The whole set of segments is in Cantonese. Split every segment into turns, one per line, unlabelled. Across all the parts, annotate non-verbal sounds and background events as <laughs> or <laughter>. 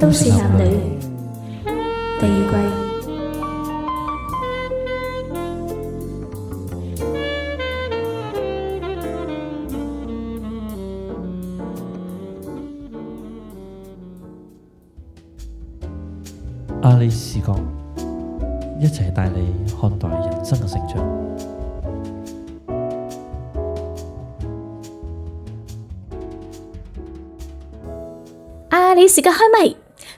都市男女第二季，
阿里士哥一齊帶你看待人生嘅成長。
阿里士哥開咪？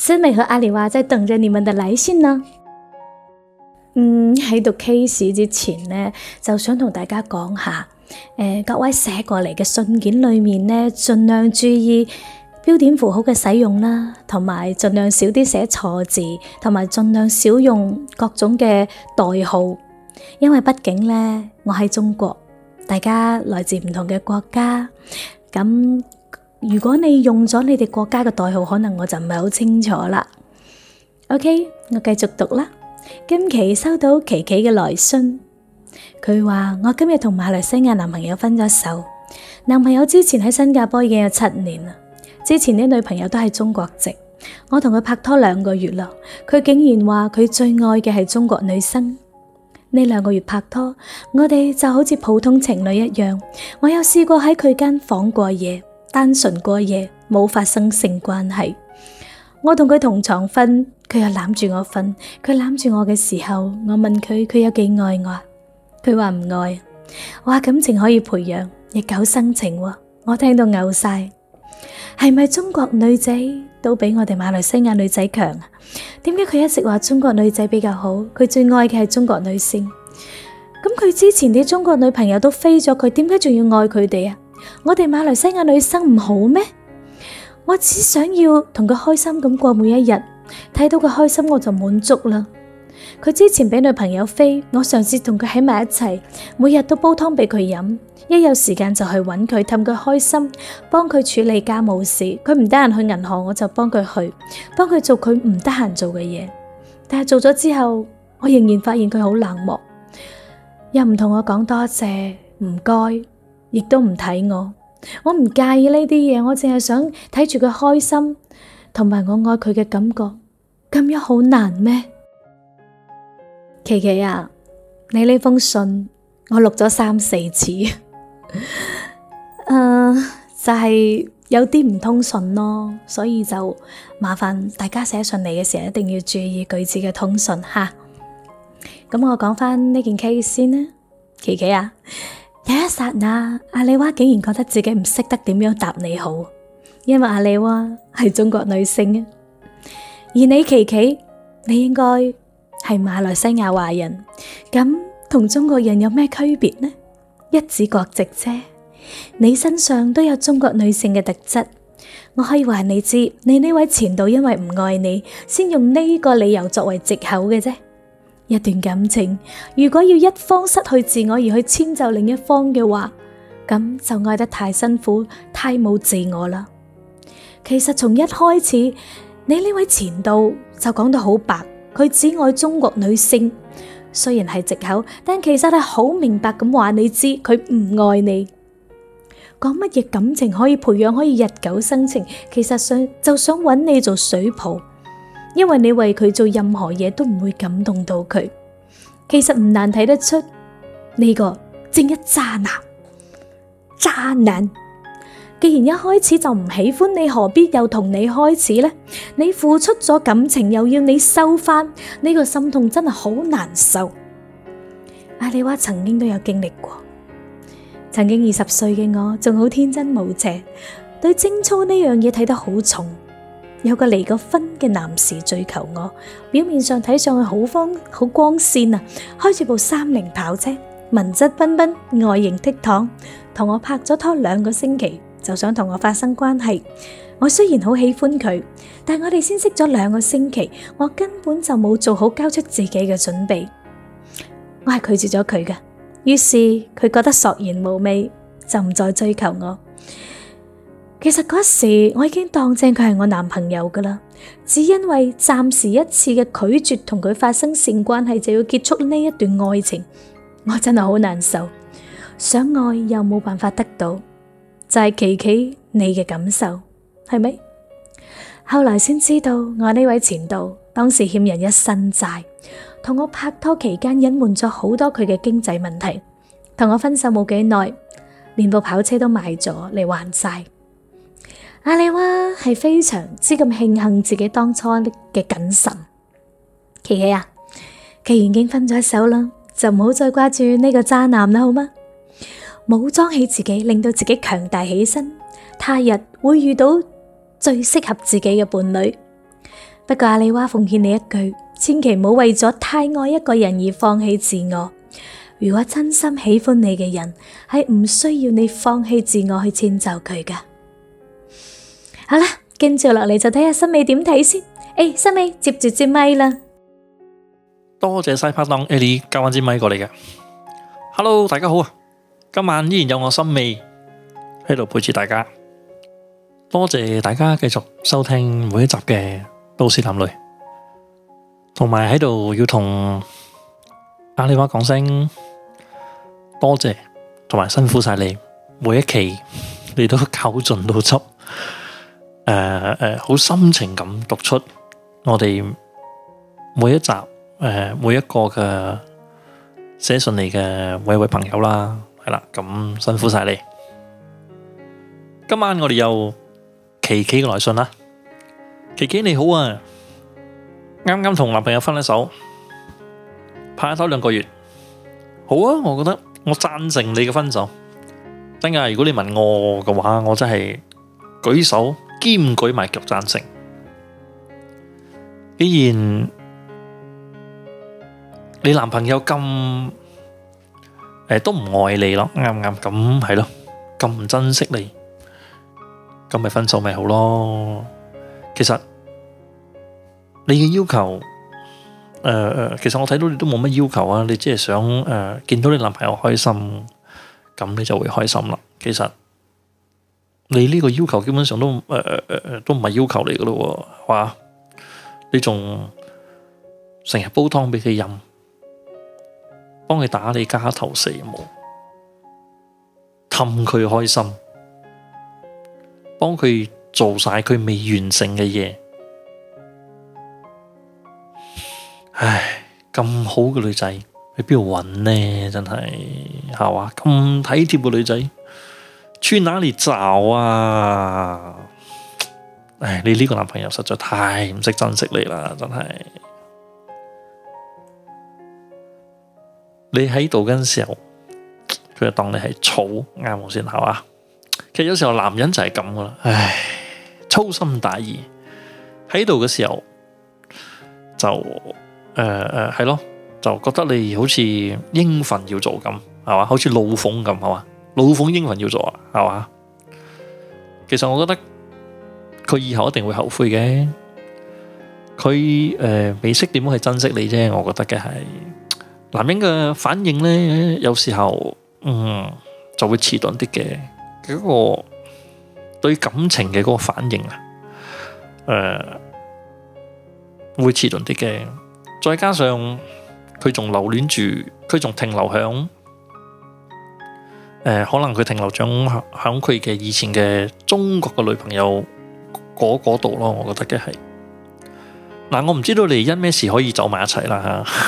思美和阿里娃在等着你們的來信呢。嗯，喺讀 case 之前呢，就想同大家講下，誒、呃，各位寫過嚟嘅信件裏面呢，盡量注意標點符號嘅使用啦，同埋盡量少啲寫錯字，同埋盡量少用各種嘅代號，因為畢竟呢，我喺中國，大家來自唔同嘅國家，咁。如果你用咗你哋國家嘅代號，可能我就唔係好清楚啦。OK，我繼續讀啦。今期收到琪琪嘅來信，佢話我今日同馬來西亞男朋友分咗手。男朋友之前喺新加坡已經有七年啦，之前啲女朋友都係中國籍。我同佢拍拖兩個月啦，佢竟然話佢最愛嘅係中國女生。呢兩個月拍拖，我哋就好似普通情侶一樣。我有試過喺佢間房過夜。單純過夜，冇發生性關係，我同佢同床瞓，佢又攬住我瞓。佢攬住我嘅時候，我問佢，佢有幾愛我？佢話唔愛。我話感情可以培養，日久生情。我聽到嘔晒。係咪中國女仔都比我哋馬來西亞女仔強？點解佢一直話中國女仔比較好？佢最愛嘅係中國女性。咁佢之前啲中國女朋友都飛咗，佢點解仲要愛佢哋啊？我哋馬來西亞女生唔好咩？我只想要同佢開心咁過每一日，睇到佢開心我就滿足啦。佢之前俾女朋友飛，我嘗試同佢喺埋一齊，每日都煲湯俾佢飲，一有時間就去揾佢氹佢開心，幫佢處理家務事。佢唔得閒去銀行，我就幫佢去，幫佢做佢唔得閒做嘅嘢。但係做咗之後，我仍然發現佢好冷漠，又唔同我講多謝，唔該。亦都唔睇我，我唔介意呢啲嘢，我淨係想睇住佢開心，同埋我愛佢嘅感覺，咁樣好難咩？琪琪啊，你呢封信我錄咗三四次，誒、 <laughs> 呃，就係、是、有啲唔通順咯，所以就麻煩大家寫信嚟嘅時候一定要注意句子嘅通順吓。咁我講翻呢件 case 先啦，琪琪啊。有一剎那，阿里娃竟然覺得自己唔識得點樣答你好，因為阿里娃是中國女性。而你琪琪，你應該是馬來西亞華人，咁同中國人有咩區別呢？一紙國籍啫，你身上都有中國女性嘅特質，我可以話你知，你呢位前度因為唔愛你，先用呢個理由作為借口嘅啫。一段感情，如果要一方失去自我而去遷就另一方嘅話，咁就愛得太辛苦，太冇自我啦。其實從一開始，你呢位前度就講得好白，佢只愛中國女性，雖然係借口，但其實係好明白咁話你知，佢唔愛你。講乜嘢感情可以培養，可以日久生情，其實想就想揾你做水泡。因為你為佢做任何嘢都唔會感動到佢，其實唔難睇得出呢個正一渣男。渣男，既然一開始就唔喜歡你，何必又同你開始呢？你付出咗感情又要你收翻，呢個心痛真係好難受。阿、啊、你話曾經都有經歷過，曾經二十歲嘅我仲好天真無邪，對貞操呢樣嘢睇得好重。有個離過婚嘅男士追求我，表面上睇上去好光好光鮮啊，開住部三菱跑車，文質彬彬，外形倜儻，同我拍咗拖兩個星期，就想同我發生關係。我雖然好喜歡佢，但我哋先識咗兩個星期，我根本就冇做好交出自己嘅準備，我係拒絕咗佢嘅。於是佢覺得索然無味，就唔再追求我。其實嗰時我已經當正佢係我男朋友噶啦，只因為暫時一次嘅拒絕同佢發生性關係就要結束呢一段愛情，我真係好難受，想愛又冇辦法得到，就係琪琪你嘅感受係咪？後來先知道我呢位前度當時欠人一身債，同我拍拖期間隱瞞咗好多佢嘅經濟問題，同我分手冇幾耐，連部跑車都賣咗嚟還債。阿里娃係非常之咁慶幸自己當初的嘅謹慎。琪琪啊，既然已經分咗手啦，就唔好再掛住呢個渣男啦，好嗎？武裝起自己，令到自己強大起身，他日會遇到最適合自己嘅伴侶。不過阿里娃奉勸你一句，千祈唔好為咗太愛一個人而放棄自我。如果真心喜歡你嘅人，係唔需要你放棄自我去遷就佢㗎。好啦，跟住落嚟就睇下新美點睇先。誒，新美接住支咪啦，
多謝晒拍檔 Ellie 交返支咪過嚟嘅。Hello，大家好啊，今晚依然有我新美喺度陪住大家，多謝大家繼續收聽每一集嘅都市男女，同埋喺度要同阿里巴巴講聲多謝，同埋辛苦晒你，每一期你都搞盡到汁。誒誒，好深情咁讀出我哋每一集誒，每一個嘅寫信嚟嘅每一位朋友啦，係啦，咁辛苦晒你。今晚我哋又琪琪嘅來信啦，琪琪你好啊，啱啱同男朋友分咗手，拍咗拖兩個月，好啊，我覺得我贊成你嘅分手，真噶。如果你問我嘅話，我真係舉手。兼舉埋腳贊成，既然你男朋友咁誒都唔愛你咯，啱唔啱？咁係咯，咁唔珍惜你，咁咪分手咪好咯。其實你嘅要求誒誒，其實我睇到你都冇乜要求啊，你只係想誒見到你男朋友開心，咁你就會開心啦。其實。你呢個要求基本上都誒誒誒誒都唔係要求嚟嘅咯，係嘛？你仲成日煲湯畀佢飲，幫佢打理家頭細務，氹佢開心，幫佢做晒佢未完成嘅嘢。唉，咁好嘅女仔去邊度揾呢？真係係嘛？咁體貼嘅女仔。去哪裏找啊？唉，你呢個男朋友實在太唔識珍惜你啦，真係。你喺度嗰陣時候，佢就當你係草啱冇先係嘛？其實有時候男人就係咁噶啦，唉，粗心大意。喺度嘅時候就誒誒係咯，就覺得你好似應份要做咁係嘛，好似老奉咁係嘛。老鳳英魂要做啊，係嘛？其實我覺得佢以後一定會後悔嘅。佢、誒、呃、未識點樣去珍惜你啫，我覺得嘅係男人嘅反應呢，有時候嗯就會遲鈍啲嘅，嗰、嗰個對感情嘅嗰個反應啊，誒、呃、會遲鈍啲嘅。再加上佢仲留戀住，佢仲停留響。誒、呃，可能佢停留咗響佢嘅以前嘅中國嘅女朋友嗰度咯，我覺得嘅係，嗱、呃、我唔知道你哋因咩事可以走埋一齊啦吓，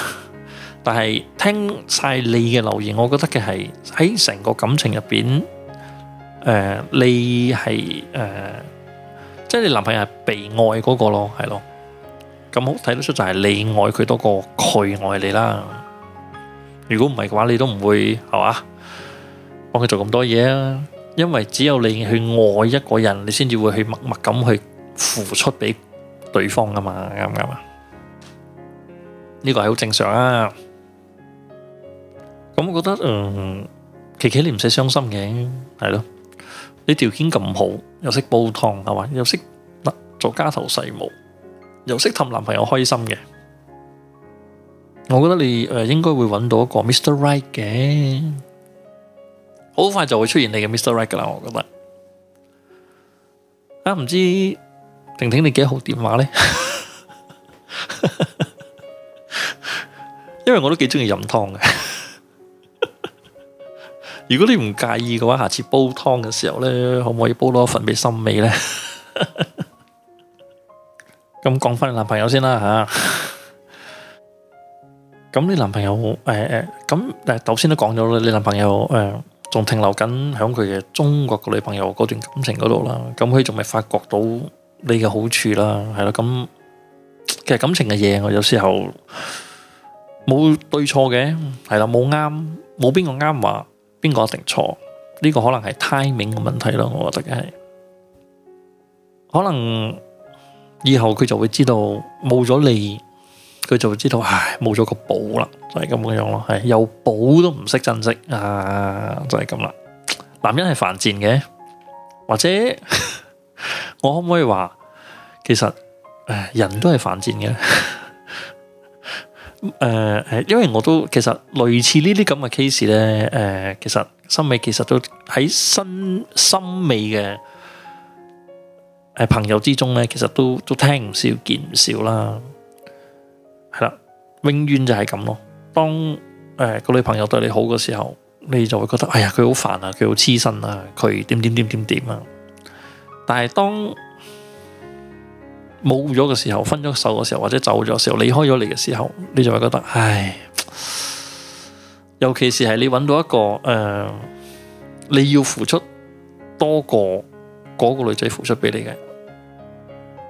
但係聽晒你嘅留言，我覺得嘅係喺成個感情入邊，誒、呃，你係誒，即、呃、係、就是、你男朋友係被愛嗰、那個咯，係咯，咁好睇得出就係你愛佢多過佢愛你啦，如果唔係嘅話，你都唔會係嘛？幫佢做咁多嘢啊！因為只有你去愛一個人，你先至會去默默咁去付出俾對方噶嘛，啱唔啱啊？呢個係好正常啊！咁我覺得，嗯，琪琪你唔使傷心嘅，係咯，你條件咁好，又識煲湯係嘛，又識得做家頭細務，又識氹男朋友開心嘅，我覺得你誒應該會搵到一個 Mr. Right 嘅。好快就會出現你嘅 Mr.Right 噶啦，我覺得。啊，唔知婷婷你幾多號電話咧？因為我都幾中意飲湯嘅。如果你唔介意嘅話，下次煲湯嘅時候咧，可唔可以煲多一份俾心美咧？咁講翻你男朋友先啦吓。咁你男朋友誒誒，咁但係頭先都講咗啦，你男朋友誒。仲停留緊響佢嘅中國個女朋友嗰段感情嗰度啦，咁佢仲未發覺到你嘅好處啦，係啦，咁其實感情嘅嘢，我有時候冇對錯嘅，係啦，冇啱，冇邊個啱話，邊個一定錯，呢個可能係 timing 嘅問題咯，我覺得係，可能以後佢就會知道冇咗你，佢就會知道唉，冇咗個寶啦。就係咁嘅樣咯，係有寶都唔識珍惜啊，就係咁啦。男人係犯賤嘅，或者我可唔可以話，其實誒人都係犯賤嘅。誒誒，因為我都其實類似呢啲咁嘅 case 咧，誒其實心美其實都喺心心美嘅誒朋友之中咧，其實都都聽唔少見唔少啦，係啦，永遠就係咁咯。當誒個女朋友對你好嘅時候，你就會覺得哎呀佢好煩啊，佢好黐身啊，佢點點點點點啊。但係當冇咗嘅時候，分咗手嘅時候，或者走咗嘅時候，離開咗你嘅時候，你就會覺得唉。尤其是係你搵到一個誒、呃，你要付出多過嗰個女仔付出俾你嘅，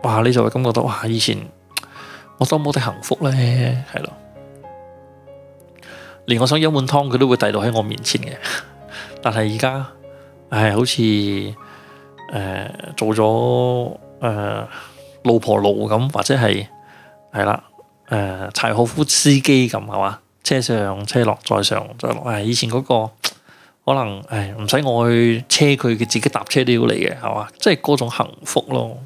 哇！你就會感覺到哇，以前我多麼的幸福咧，係咯。連我想飲碗湯，佢都會遞到喺我面前嘅。但係而家，唉、哎，好似誒、呃、做咗誒、呃、老婆奴咁，或者係係啦誒柴可夫司機咁，係嘛？車上車落再上，再落。唉，以前嗰、那個可能，唉、哎，唔使我去車佢，佢自己搭車都要嚟嘅，係嘛？即係嗰種幸福咯。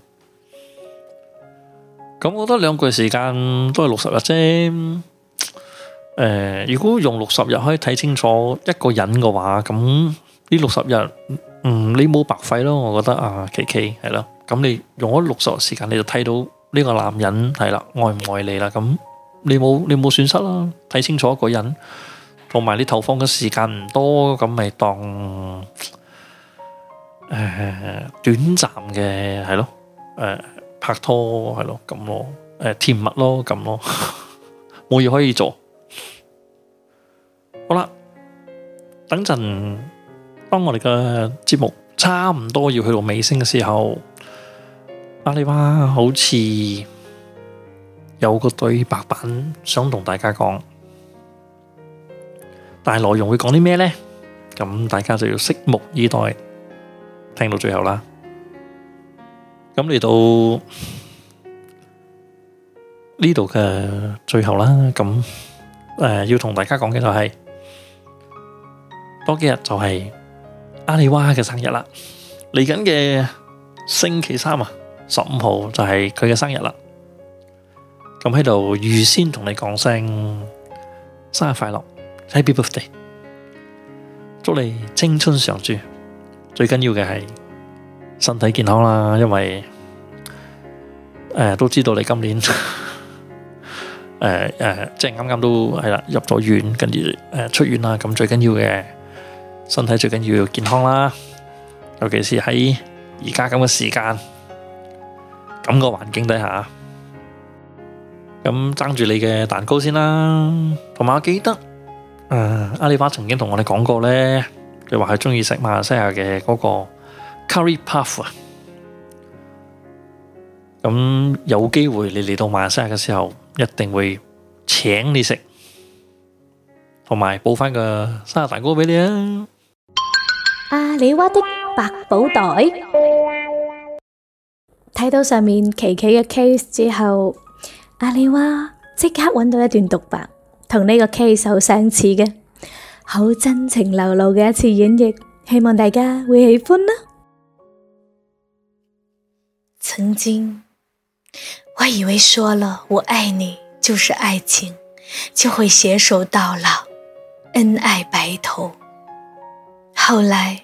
咁我覺得兩個月時間都係六十日啫。誒，如果用六十日可以睇清楚一個人嘅話，咁呢六十日嗯，你冇白費咯。我覺得啊，琪琪係咯，咁你用咗六十日時間，你就睇到呢個男人係啦，愛唔愛你啦。咁你冇你冇損失咯，睇清楚一個人，同埋你投放嘅時間唔多，咁咪當誒短暫嘅係咯，誒拍拖係咯，咁咯，誒甜蜜咯，咁咯，冇嘢可以做。好啦，等陣，當我哋嘅節目差唔多要去到尾聲嘅時候，阿里巴好似有個對白版想同大家講，但係內容會講啲咩咧？咁大家就要拭目以待，聽到最後啦。咁嚟到呢度嘅最後啦，咁誒要同大家講嘅就係。多幾日就係阿里娃嘅生日啦，嚟緊嘅星期三啊，十五號就係佢嘅生日啦。咁喺度預先同你講聲生日快樂，Happy Birthday！祝你青春常駐，最緊要嘅係身體健康啦，因為誒都知道你今年誒誒即係啱啱都係啦入咗院，跟住誒出院啦，咁最緊要嘅。身體最緊要健康啦，尤其是喺而家咁嘅時間，咁個環境底下，咁爭住你嘅蛋糕先啦。同埋我記得，誒，阿里巴巴曾經同我哋講過咧，佢話佢中意食馬來西亞嘅嗰個 curry puff 啊。咁有機會你嚟到馬來西亞嘅時候，一定會請你食，同埋補翻個生日蛋糕俾你
啊！阿里娃的百寶袋，睇到上面琪琪嘅 case 之後，阿里娃即刻揾到一段獨白，同呢個 case 好相似嘅、好真情流露嘅一次演繹，希望大家會喜歡啦。曾經我以為說了我愛你就是愛情，就會攜手到老，恩愛白頭，後來。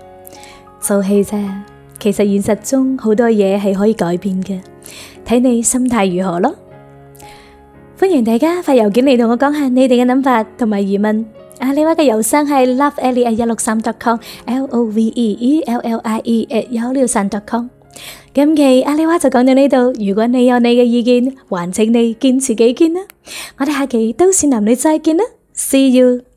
做戲啫，其實現實中好多嘢係可以改變嘅，睇你心態如何咯。歡迎大家發郵件嚟同我講下你哋嘅諗法同埋疑問。阿里話嘅郵箱係 l o v e l l i e at 一六三點 com，L O V E E L L I E at 一六三點 com。今期阿里話就講到呢度，如果你有你嘅意見，還請你堅持自己見啦。我哋下期都市男女再見啦，See you。